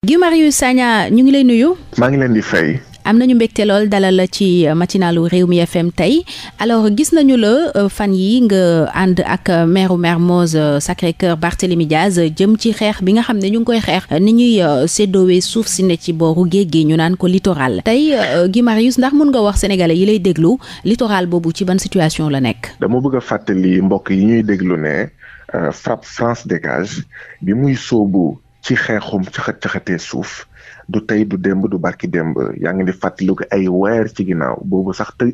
Guy Marius saña ñu ngi lay nuyu. maa ngi leen di fay. am nañu mbégte lool dalal la ci euh, matinalu Rewmi FM tey alors gis nañu la euh, fan yi nga ànd ak euh, maire Mermoz Sacré-Cœur Barthélémy Diaz jëm ci xeex bi nga xam ne ñu ngi koy xeex ni ñuy séddoowee suuf si ne ci booru géej gi ñu naan ko littoral tey Guy Marius ndax mun nga wax sénégalais yi lay déglu littoral boobu ci ban situation la nekk. dama bëgg a fàttali mbokk yi ñuy déglu ne FRAPP France Dégage bi ci xeexum caxat-caxatee suuf du tey du démb du barki démb yaa ngi di fàttaliku ay weer ci ginnaaw boobu sax tëj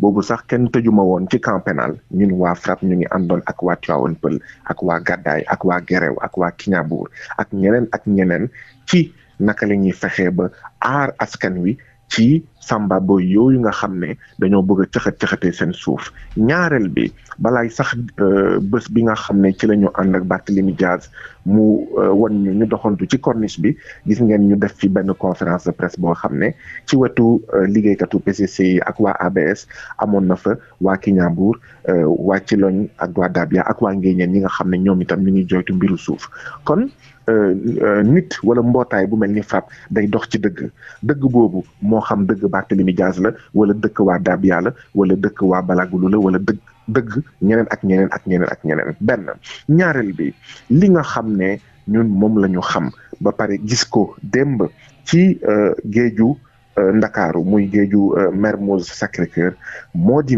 boobu sax kenn tëjuma woon ci camp pénal ñun waa FRAPP ñu ngi àndoon ak waa Tivaouane Peulh ak waa Gàddaay ak waa Guéréw ak waa Kiñaabuur ak ñeneen ak ñeneen ci naka la ñuy fexee ba aar askan wi ci samba boy yooyu nga xam ne dañoo bëgg a caxat seen suuf ñaareel bi balaay sax euh, bës bi nga xam ne ci lañu ànd ak Barthélemy Diaz mu euh, wan ñu doxantu ci corniche bi gis ngeen ñu def ci benn conférence de presse boo xam ne ci wetu euh, liggéeykatu PCC yi ak waa ABS amoon na fa waa kiña Kignambour waa loñ ak waa Dabia ak waa Nguéniène ñi nga xam ne ñoom itam ñu ngi joytu mbiru suuf kon nit wala mbootaay bu mel ni FRAPP day dox ci dëgg dëgg boobu moo dëgg Barthélemy Diaz la wala dëkk waa Dabia la wala dëkk waa Balagulu la wala dëgg dëgg ñeneen ak ñeneen ak ñeneen ak ñeneen benn ñaareel bi li nga xam ne ñun moom la ñu xam ba pare gis ko démb ci euh, géeju euh, Ndakaaru muy géeju euh, Mermoz sacré moo di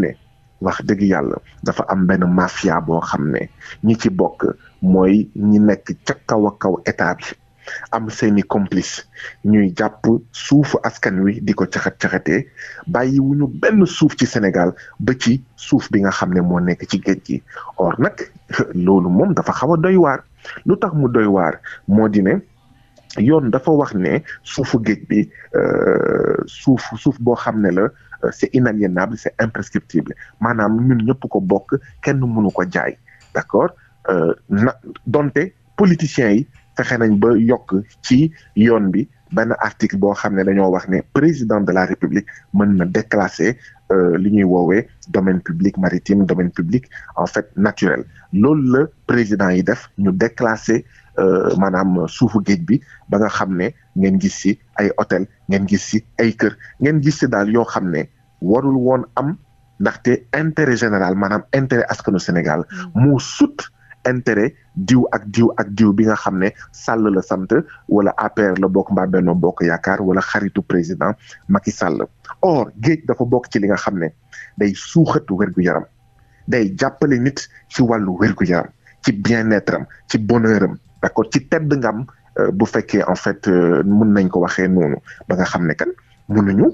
wax dëgg yàlla dafa am benn mafia boo xam ne ñi ci bokk mooy ñi nekk ca kaw a kaw état bi am seeni complice ñuy jàpp suufu askan wi di ko caxat-caxatee bàyyiwuñu benn suuf ci Sénégal ba ci suuf bi nga xam ne moo nekk ci géej gi or nag loolu moom dafa xaw a doy waar lu tax mu doy waar moo di ne yoon dafa wax ne suufu géej bi euh, suuf suuf boo xam ne la euh, c'est inaliénable c'est imprescriptible maanaam ñun ñëpp ko bokk kenn mënu ko jaay d'accord euh, na donte politiciens yi fexe nañ ba yokk ci yoon bi benn article boo xam ne dañoo wax ne président de la république mën na déclasser euh, li ñuy woowee domaine public maritime domaine public en fait naturel loolu la président yi def ñu déclasser euh, maanaam suufu géej bi ba nga xam ne ngeen gis ci ay hôtel ngeen gis ci ay kër ngeen gissi daal yoo xam ne warul woon am ndaxte intérêt général maanaam intérêt askanu Sénégal mm. moo sut intéret diw ak diw ak diw bi nga xam ne Sall la sant wala APR la bokk mbaa Benno Bokk Yaakaar wala xaritu président maki Sall or géej dafa bokk ci li nga xam ne day suuxat wérgu yaram day jàppale nit ci wàllu wérgu yaram ci bien-être am ci bonheur am d'accord ci tedd ngam euh, bu fekkee en fait euh, mun nañ ko waxee noonu ba nga xam ne kan munuñu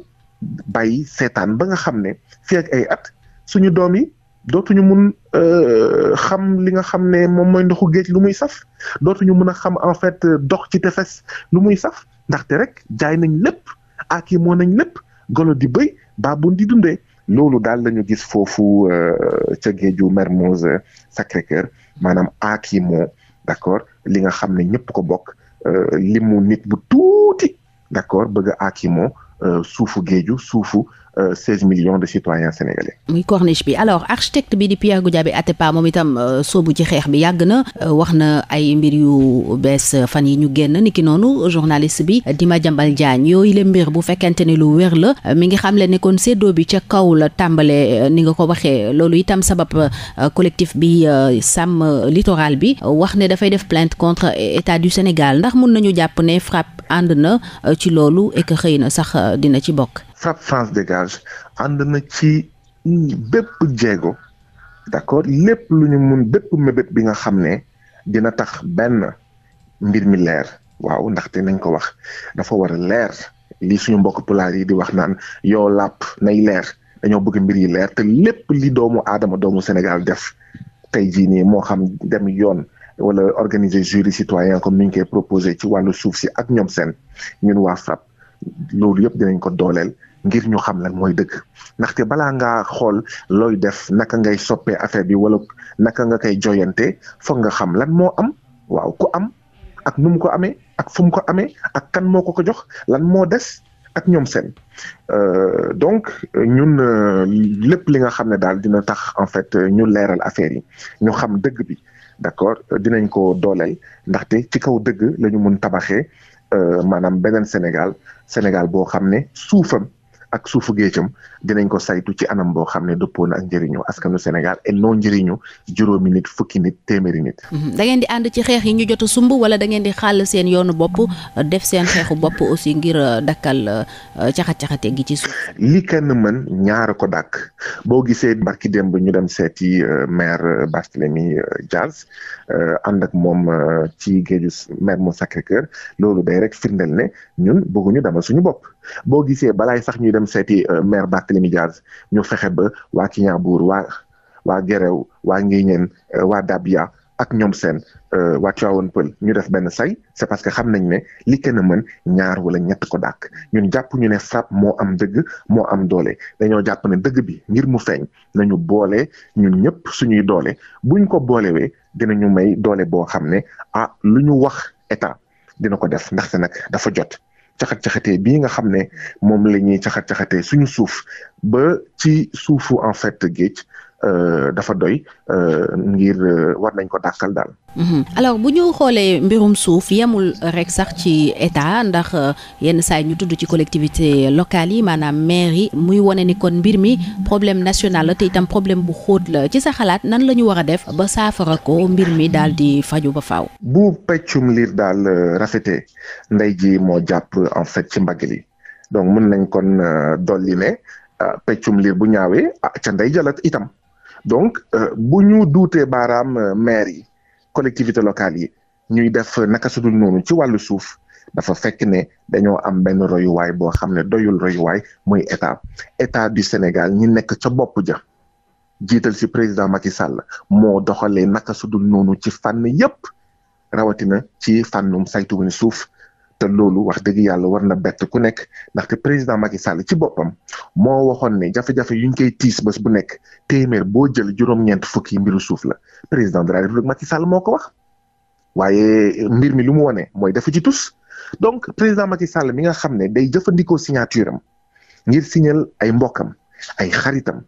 bay seetaan ba nga xam ne fii ak ay at suñu doom yi dootuñu mun euh, xam li nga xam ne moom mooy ndoxu géej lu muy saf dootuñu mun a xam en fait dox ci tefes lu muy saf ndaxte rek jaay nañ lépp aaki moo nañ lépp golo di bëy baaboon di dundee loolu daal la gis foofu euh, ca géeju Mermoz Sacré-Cœur maanaam aaki moo d'accord li nga xam ne ñëpp ko bokk euh, limu nit bu tuuti d'accord bëgg a aaki moo suufu géeju suufu 16 euh, millions de citoyens sénégalais. muy corniche bi alors architecte bi di Pierre Goudiaby Atepa moom itam euh, soobu ci xeex bi yàgg na euh, wax na ay mbir yu bees fan yi ñu génn niki noonu journaliste bi Dima Jambal Diagne yooyu la mbir bu fekkente ni lu wér la mi ngi xamle ne kon séddoo bi ca kaw la tàmbale ni nga ko waxee loolu itam sabab collectif bi sàmm littoral bi wax ne dafay def plainte contre état du Sénégal ndax mun nañu jàpp ne FRAPP ànd na ci loolu xëy na sax dina ci bokk. FRAPP France dégage ànd na ci bépp jéego d'accord lépp lu ñu mun bépp mébét bi nga xam ne dina tax benn mbir mi leer waaw ndaxte nañ ko wax dafa war a leer lii suñu mbokk pulaar yi di wax naan yoo làpp nay leer dañoo bëgg mbir yi leer te lépp li doomu aadama doomu Sénégal def tey jii nii moo xam dem yoon wala organiser jury citoyen comme ni ñu koy proposé ci wàllu suuf si ak ñoom seen ñun waa FRAPP loolu yëpp dinañ ko dooleel ngir ñu xam lan mooy dëgg ndaxte balaa nga xool looy def naka ngay soppee affaire bi wala naka nga koy joyante foog nga xam lan moo am waaw ku am ak nu mu ko amee ak fu mu ko amee ak kan moo ko ko jox lan moo des ak ñoom seen euh, donc ñun euh, lépp li nga xam ne daal dina tax en fait ñu leeral affaire yi ñu xam dëgg bi d'accord dinañ ko dooleel ndaxte ci kaw dëgg lañu ñu mun tabaxee euh, maanaam beneen Sénégal Sénégal boo xam ne suufam ak suufu géejam dinañ ko saytu ci anam boo xam ne dëppoo na ak njëriñu askanu Sénégal et non njëriñu juróomi nit fukki nit téeméeri nit. Mhm. da ngeen di ànd ci xeex yi ñu jot a sumb wala da ngeen di xàll seen yoonu bopp def seen xeexu bopp aussi ngir euh, dakkal euh, caxat caxate gi ci suuf. li kenn mën ñaar ko dàkk boo gisee barki démb ñu dem seeti euh, maire Barthélémy Dias ànd ak moom ci géeju maire mu Sacré-Cœur loolu day rek firndeel ne ñun bëgguñu dama suñu bopp. boo gisee balaay sax ñuy dem seeti euh, maire Barthélémy Diaz ñu fexe ba waa Kignanbour waa waa Guéréo waa Nguéniène euh, waa Dabia ak ñoom seen euh, waa Tivaouane Peulh ñu def benn say c'est parce que xam nañ ne li kenn mën ñaar wala ñett ko dàkk ñun jàpp ñu ne FRAPP moo am dëgg moo am doole dañoo jàpp ne dëgg bi ngir mu feeñ nañu boole ñun ñëpp suñuy doole buñ ko boolewee dinañu may doole boo xam ne ah lu ñu wax état dina ko def ndaxte nag dafa jot. caxat-caxatee bii nga xam ne moom la ñuy caxat-caxatee suñu suuf ba ci suufu en fait géej Euh, dafa doy euh, ngir euh, war nañ ko dàkkal daal. Mhm. alors bu ñu xoolee mbirum suuf yemul rek sax ci état ndax yenn saa yi ñu tudd ci collectivité locale yi maanaam maire yi muy wane ni kon mbir mi problème national la te itam problème bu xóot la ci sa xalaat nan la ñu war a def ba saafara ko mbir mi daal di faju ba faaw. bu peccum liir daal rafetee ndey ji moo jàpp en fait ci mbagg donc mën nañ kon dolli ne peccum liir bu ñaawee ah ca ndey jalat itam. donc euh, bu ñu duutee baaraam euh, maire yi collectivité locale yi ñuy def naka su dul ci wàllu suuf dafa fekk ne dañoo am benn royuwaay boo xam ne doyul royuwaay muy état état du Sénégal ñi nekk ca bopp ja jiital ci président Macky Sall moo doxalee naka su dul noonu ci fànn yépp rawatina ci fànnum saytu wu suuf te loolu wax dëgg yàlla war na bett ku nekk ndaxte président Macky Sall ci boppam moo waxoon ne jafe-jafe yuñ koy tiis bés bu nekk téeméer boo jël juróom-ñeent fukki mbiru suuf la président de la république Macky Sall moo ko wax waaye mbir mi lu mu wone mooy dafa ci tus donc président Macky Sall mi nga xam ne day jëfandikoo signature am ngir signal ay mbokkam ay xaritam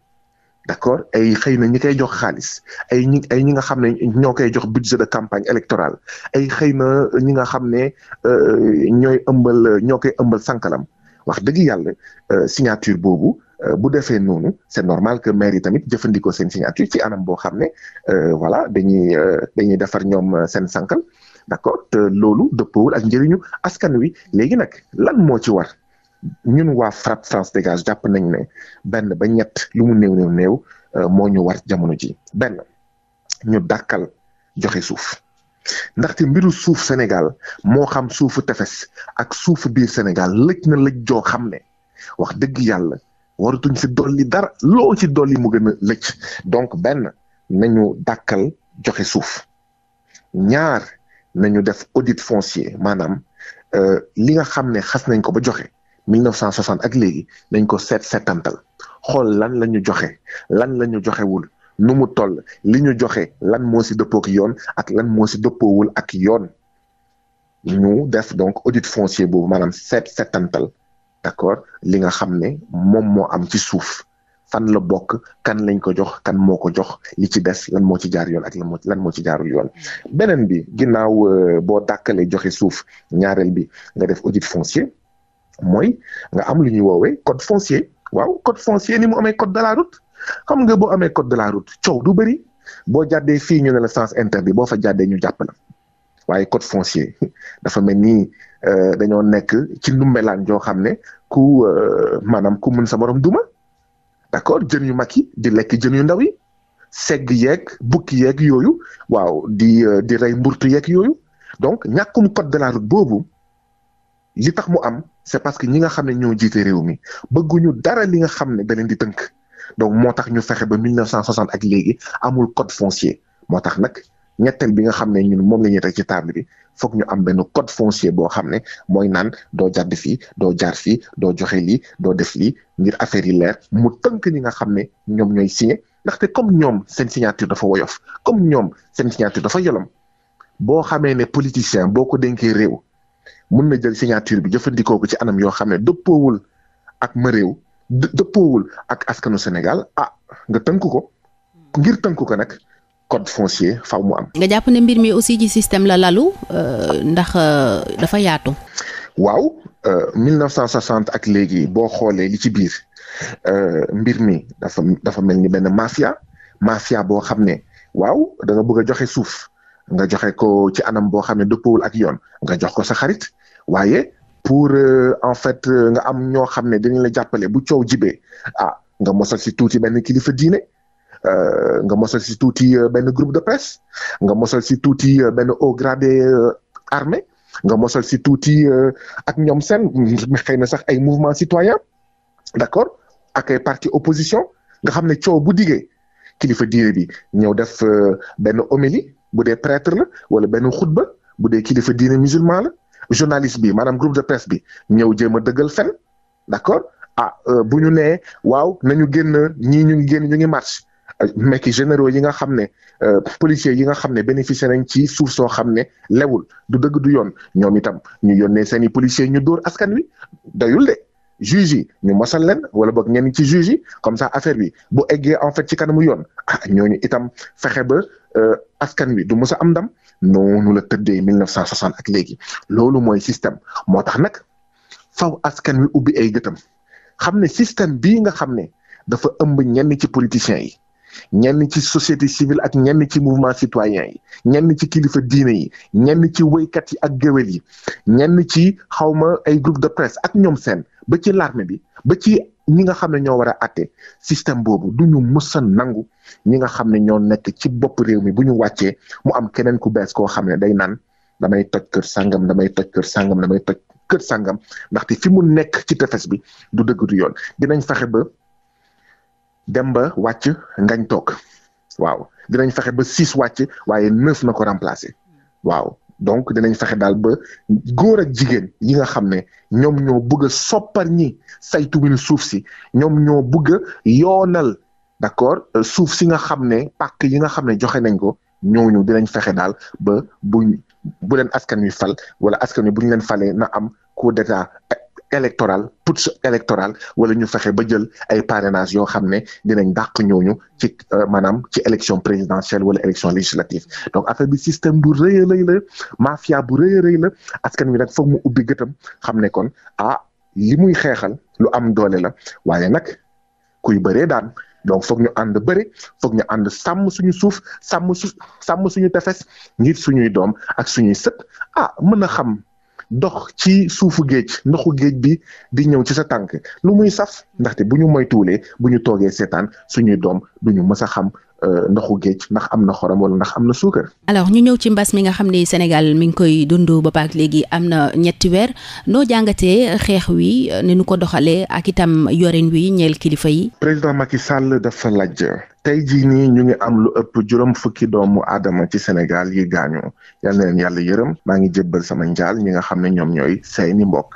d'accord ay xëy na ñi koy jox xaalis ay ñi ay ñi nga xam ne ñoo koy jox budget de campagne électorale ay xëy na ñi nga xam ne euh, ñooy ëmbal ñoo koy ëmbal sànkalam wax dëgg yàlla euh, signature boobu euh, bu defee noonu c'est normal que maire yi tamit jëfandikoo seen signature ci anam boo xam ne voilà dañuy dañuy defar ñoom seen sànkal d'accord te loolu dëppoowul ak njëriñu askan wi léegi nag lan moo ci war ñun waa FRAPP France Dégage jàpp nañ ne benn ba ñett lu mu néew néew néew euh, moo ñu war jamono ji benn ñu dàkkal joxe suuf ndaxte mbiru suuf Sénégal moo xam suufu tefes ak suufu biir Sénégal lëj na lëj joo xam ne wax dëgg yàlla waratuñ si dolli dara loo ci dolli mu gën a lëj donc benn nañu dàkkal joxe suuf ñaar nañu def audit foncier maanaam euh, li nga xam ne xas nañ ko ba joxe 1960 ak léegi nañ ko seet setantal xool lan la ñu joxe lan la ñu joxewul nu mu toll li ñu joxe lan moo si dëppook yoon ak lan moo si dëppoowul ak yoon ñu def donc audit foncier boobu maanaam seet seetantal d'accord li nga xam ne moom moo am ci suuf fan la bokk kan lañ ko jox kan moo ko jox li ci des lan moo ci jaar yoon ak lan moo lan moo ci jaarul yoon beneen bi ginnaaw euh, boo dàkkalee joxe suuf ñaareel bi nga def audit foncier mooy nga am lu ñuy woowee code foncier waaw code foncier ni mu amee code de la route xam nga boo amee code de la route coow du bëri boo jàddee fii ñu ne la sens interdit boo fa jàddee ñu jàpp la waaye code foncier dafa mel ni euh, dañoo nekk ci numbelaan joo xam ne ku euh, maanaam ku mën sa morom duma d'accord jën yu mag yi di lekk jën yu ndaw yi segg yeeg bukki yeeg yooyu waaw di euh, di rey mburtu yeeg yooyu donc ñàkkum code de la route boobu. li tax mu am c'est parce que ñi nga xam ne ñoo jiite réew mi bëgguñu dara li nga xam ne beneen di tënk donc moo tax ñu fexe ba cent 1960 ak léegi amul code foncier moo tax nag ñetteel bi nga xam ne ñun moom la ñuy teg ci table bi foog ñu am benn code foncier boo xam ne mooy naan doo jàdd fii doo jaar fii doo joxe lii doo def lii ngir affaire yi leer mu tënk ñi nga xam ne ñoom ñooy signé ndaxte comme ñoom seen signature dafa woyof comme ñoom seen signature dafa yolom boo xamee ne politicien boo ko dénkee réew mun na jël signature bi jëfandikoo ko ci anam yoo xam ne dëppoowul ak ma réew dëppoowul ak askanu Sénégal ah nga tënk ko ngir tënk ko nag code foncier faw mu am. nga jàpp ne mbir mi aussi ci système la lalu euh, ndax euh, dafa yaatu. waaw 1960 euh, ak léegi boo xoolee li ci biir mbir mi dafa dafa mel ni benn mafia mafia boo xam ne waaw da nga bëgg a joxe suuf. nga joxe ko ci anam boo xam ne dëppoowul ak yoon nga jox ko sa xarit waaye pour euh, en fait euh, nga am ñoo xam ne dañu la jàppale bu coow jibee ah nga mosal si tuuti benn kilifa diine euh, nga mosal si tuuti benn groupe de presse nga mosal si tuuti benn haut gradé armée nga mosal si tuuti ak ñoom seen xëy na sax ay mouvement citoyen d'accord ak ay parti opposition nga xam ne coow bu diggee kilifa diine bi ñëw def benn homélie bu dee prêtre la wala benn xutba bu dee kilifa diine musulman la journaliste bi maanaam groupe de presse bi ñëw jéem a dëggal fen d'accord ah euh, bu ñu nee waaw nañu génn ñii ñu ngi génn ñu ngi marche euh, mekki généraux yi nga xam ne euh, policiers yi nga xam ne bénéficié nañ ci suuf soo xam ne lewul du dëgg du yoon ñoom itam ñu yónnee seen i policiers ñu dóor askan wi doyul de juge yi ñu mosal leen wala boog ñenn ci juge comme ça affaire bi bu eggee en fait ci kanamu yoon ah, ñooñu itam fexe ba Euh, askan wi du mos a am ndam noonu la tëddee 1960 ak léegi loolu mooy système moo tax nag faw askan wi ubbi ay gëtam xam ne système bii nga xam ne dafa ëmb ñenn ci politiciens yi ñenn ci société civile ak ñenn ci mouvement citoyen yi ñenn ci kilifa diine yi ñenn ci woykat yi ak géwél yi ñenn ci xawma ay groupe de presse ak ñoom seen ba ci l'armée bi ba ci ñi nga xam ne ñoo war a àtte système boobu du ñu mës nangu ñi nga xam ne ñoo nekk ci bopp réew mi bu ñu wàccee mu am keneen ku bees koo xam ne day naan damay toj kër sàngam damay toj kër sangam damay toj kër sangam ndaxte fi mu nekk ci tefes bi du dëgg du yoon dinañ fexe ba dem ba wàcc ngañ toog waaw dinañ fexe ba six wàcc waaye neuf na ko remplacé waaw. donc dinañ fexe daal ba góor ak jigéen yi nga xam ne ñoom ñoo bëgg soppar ñi saytu wil suuf si ñoom ñoo bëgg a yoonal d'accord suuf si nga xam ne pàcc yi nga xam ne joxe nañ ko ñooñu dinañ fexe daal ba buñ bu leen askan wi fal wala askan wi bu ñu leen falee na am ko d'état électoral putsch électoral wala ñu fexe ba jël ay parrainage yoo xam ne dinañ dàq ñooñu ci euh, maanaam ci élection présidentielle wala élection législative donc affaire bi système bu rëy a rëy la mafia bu rëy rëy la askan wi nag foog mu ubbi gëtam xam ne kon ah li muy xeexal lu am doole la waaye nag kuy bëree daan donc foog ñu ànd bëri foog ñu ànd sàmm suñu suuf sàmm su sàmm suñu tefes ngir suñuy doom ak suñuy sët ah mën a xam dox ci suufu géej ndoxu géej bi di ñëw ci sa tànk lu muy saf ndaxte bu ñu moytuwulee bu ñu toogee seetaan suñuy doom duñu mës a xam euh, ndoxu géej ndax am na xorom wala ndax am na suukar. alors ñu ñëw ci mbas mi nga xam ne Sénégal mi ngi koy dund boobaak léegi am na ñetti weer noo jàngatee xeex wi ni nu ko doxalee ak itam yorin wi ñeel kilifa yi. président Macky Sall dafa laaj. tey jii nii ñu ngi am lu ëpp juróom fukki doomu aadama ci Sénégal yi gaañu yal na leen yàlla yërëm maa ngi jébbal sama njaal ñi nga xam ne ñoom ñooy seeni mbokk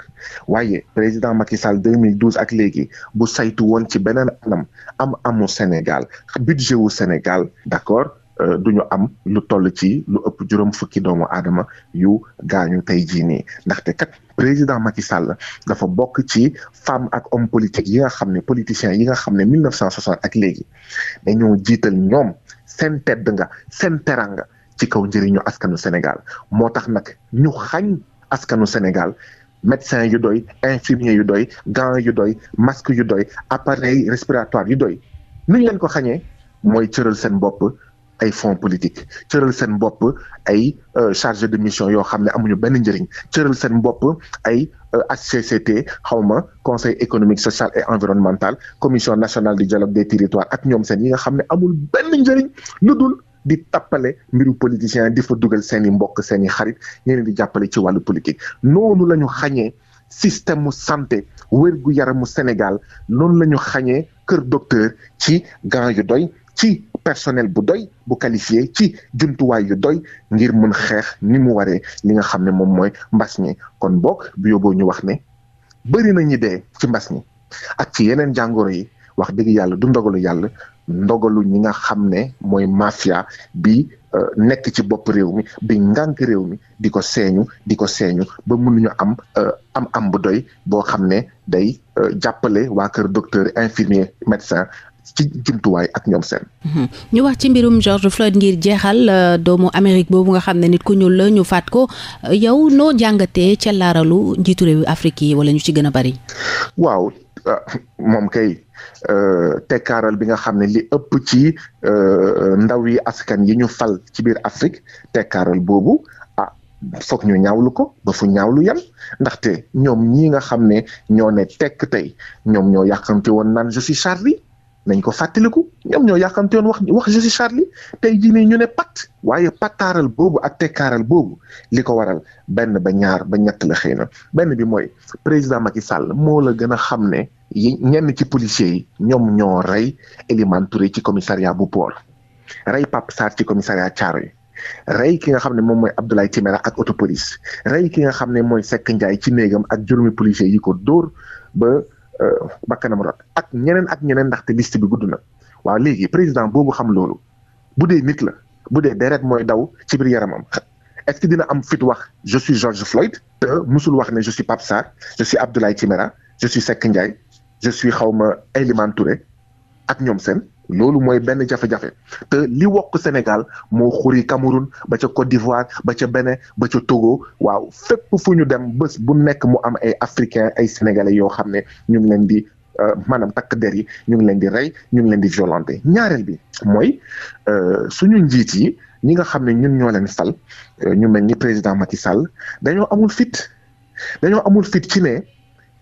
waaye président Macky Sall 2012 ak léegi bu saytu woon ci beneen anam am amu Sénégal budget wu Sénégal d'accord Euh, du ñu am lu toll ci lu ëpp juróom fukki doomu aadama yu gaañu tey jii nii ndaxte kat président Macky Sall dafa bokk ci femme ak homme politique yi nga xam ne politiciens yi nga xam ne 1960 ak léegi dañoo jiital ñoom seen tedd nga seen teranga ci kaw njëriñu askanu Sénégal moo tax nag ñu xañ askanu Sénégal. médecin yu doy infirmier yu doy gants yu doy masque yu doy appareil respiratoire yu doy nu ñu leen ko xañee mooy cëral seen bopp ay fonds politique cëral seen bopp ay euh, chargé de mission yoo xam ne amuñu benn njëriñ cëral seen bopp ay HCCT euh, xawma conseil économique sociale et environnemental commission nationale du dialogue des territoires ak ñoom seen yi nga xam ne amul benn njëriñ lu dul di tappale mbiru politicien di fa dugal seen i mbokk seen i xarit ñeneen di jàppale ci wàllu politique noonu la ñu xañee système mu santé wér-gu-yaramu Sénégal noonu la ñu xañee kër docteur ci gants yu doy personnel bu doy bu qualifié ci jumtuwaay yu doy ngir mën xeex ni mu waree li nga xam ne moom mooy mbas mi kon boog bu yóbboo ñu wax ne bëri na ñi dee ci mbas mi ak ci yeneen jàngoro yi wax dëgg yàlla du ndogalu yàlla ndogalu ñi nga xam ne mooy mafia bi euh, nekk ci bopp réew mi bi ngànk réew mi di ko seeñu di ko seeñu ba mun mënuñu am euh, am am bu doy boo xam ne day euh, jàppale waa kër docteur infirmier médecin ci jumtuwaay ak ñoom seen. Mhm. ñu wax ci mbirum George Floyd ngir jeexal euh, doomu Amérique boobu nga xam ne nit ku ñuul la ñu faat ko yow noo jàngatee ca laaralu njiitu réew Afrique yi wala ñu ci gën a bari. waaw ah, moom kay. Euh, tekkaaral bi nga xam ne li ëpp ci euh, ndaw yi askan yi ñu fal ci biir Afrique tekkaaral boobu ah foog ñu ñaawlu ko ba fu ñaawlu yam ndaxte ñoom ñii nga xam ne ñoo ne tekk tey ñoom ñoo yàqante woon naan je suis Charlie nañ ko fàttaliku ñoom ñoo yàqante woon wax wax je suis Charlie tey jii nii ñu ne pat waaye pataaral boobu ak tekkaaral boobu li ko waral benn ba ñaar ba ñett la xëy na benn bi mooy président Macky Sall moo la gën a xam ne ñenn ci policiers yi ñoom ñoo rey Elimane Touré ci commissariat bu Port rey Pape Sarr ci commissariat Thiaroye rey ki nga xam ne moom mooy Abdoulaye Timéra ak autopolice rey ki nga xam ne mooy Seck Ndiaye ci néegam ak juróomi policiers yi ko dóor ba. bakkanam rot ak ñeneen ak ñeneen ndaxte liste bi gudd na waaw léegi président boobu xam loolu bu dee nit la bu dee deret mooy daw ci biir yaramam est-ce dina am fit wax je suis George Floyd musul wax ne je suis Pape Sarr je suis Abdoulaye Timéra je suis Seck Ndiaye je suis xawma Elimane Touré ak ñoom seen loolu mooy benn jafe-jafe te li wokk Sénégal moo xuri Cameroun ba ca Côte d'Ivoire ba ca Bénin ba ca Togo waaw fépp fu ñu dem bës bu nekk mu am ay africain ay sénégalais yoo xam ne ñu ngi leen di euh, maanaam takk der yi ñu ngi leen di rey ñu ngi leen di violenter ñaareel bi mooy euh, suñu njiit yi ñi nga xam ne ñun ñoo leen sal euh, ñu mel ni président Macky sal dañoo amul fit dañoo amul fit ci ne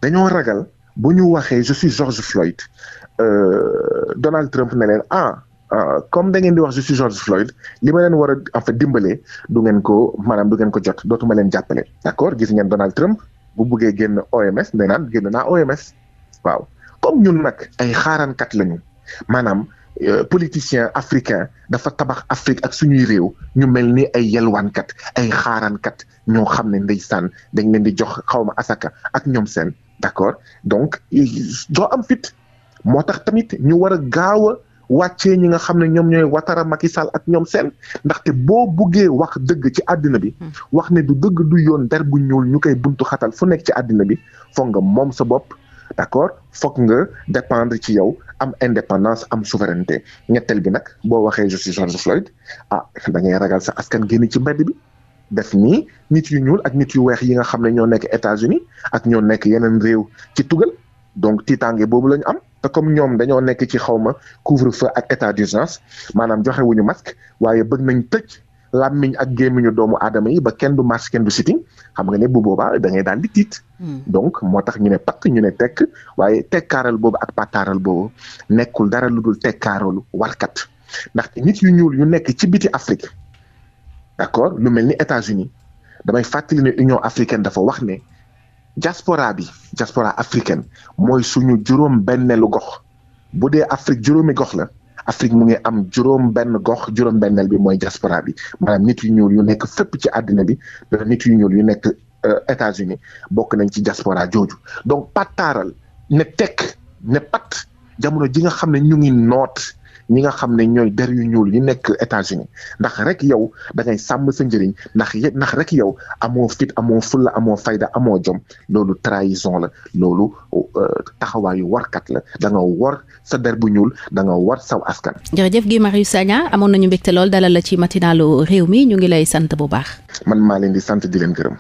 dañoo ragal. bu ñu waxee je suis George Floyd euh, Donald Trump ne leen ah, ah comme da ngeen di wax je suis George Floyd li ma leen war a en fait du ngeen ko maanaam du ngeen ko jot dootuma leen jàppale d'accord gis ngeen Donald Trump bu buggee génn OMS nee naan génn naa OMS waaw comme ñun nag ay xaaraankat lañu maanaam euh, politicien africain dafa tabax Afrique ak suñuy réew ñu mel ni ay yelwaankat ay xaaraankat ñoo xam ne ndeysaan dañ leen di jox xaw ma asaka ak ñoom seen d'accord donc doo am fit moo tax tamit ñu war a gaaw a wàccee ñi nga xam ne ñoom ñooy Ouattara Macky Sall ak ñoom seen ndaxte boo buggee wax dëgg ci àddina bi hmm. wax ne du dëgg du yoon der bu ñuul ñu koy buntu xatal fu nekk ci àddina bi foog nga moom sa bopp d'accord foog nga dépendre ci yow am indépendance am souveraineté ñetteel bi nag boo waxee je suis George Floyd a ah, da ngay ragal sax askan génn ci mbedd bi def nii nit yu ñuul ak nit yu weex yi nga xam ne ñoo nekk États-Unis ak ñoo nekk yeneen réew ci tugal donc tiitaange boobu la ñu am te comme ñoom dañoo nekk ci xawma couvre-feu ak état d'urgence maanaam joxewuñu wuñu waaye bëgg nañ tëj làmmiñ ak gémmiñu doomu aadama yi ba kenn du masque kenn du sitting xam nga ne bu boobaa da ngay daal di tiit. Hmm. donc moo tax ñu ne pakk ñu ne tekk waaye tekkaaral boobu ak pataaral boobu nekkul dara lu dul tekkaaralu warkat ndaxte nit yu ñuul yu nekk ci biti Afrique. d'accord lu mel ni États-Unis damay fàttali ne Union africaine dafa wax ne jaspora bi jaspora africaine mooy suñu juróom benneelu gox bu dee Afrique juróomi gox la Afrique mu ngi am juróom benn gox juróom benneel bi mooy jaspora bi maanaam nit yu ñuul yu nekk fépp ci àddina bi te nit yu ñuul yu nekk euh, États-Unis bokk nañ ci diaspora jooju donc pataaral ne tekk ne pat jamono ji nga xam ne ñu ngi noot ñi nga xam ne ñooy der yu ñuul yi nekk États-Unis ndax rek yow da sàmm sa njëriñ ndax yëpp ndax rek yow amoo fit amoo fulla amoo fayda amoo jom loolu trahison la loolu euh, taxawaayu warkat la da nga war sa der bu ñuul da nga war saw askan. jërëjëf Guy Marius Sagna amoon nañu mbégte lool dalal la ci matinalu réew mi ñu ngi lay sant bu baax. man maa leen di sant di leen gërëm.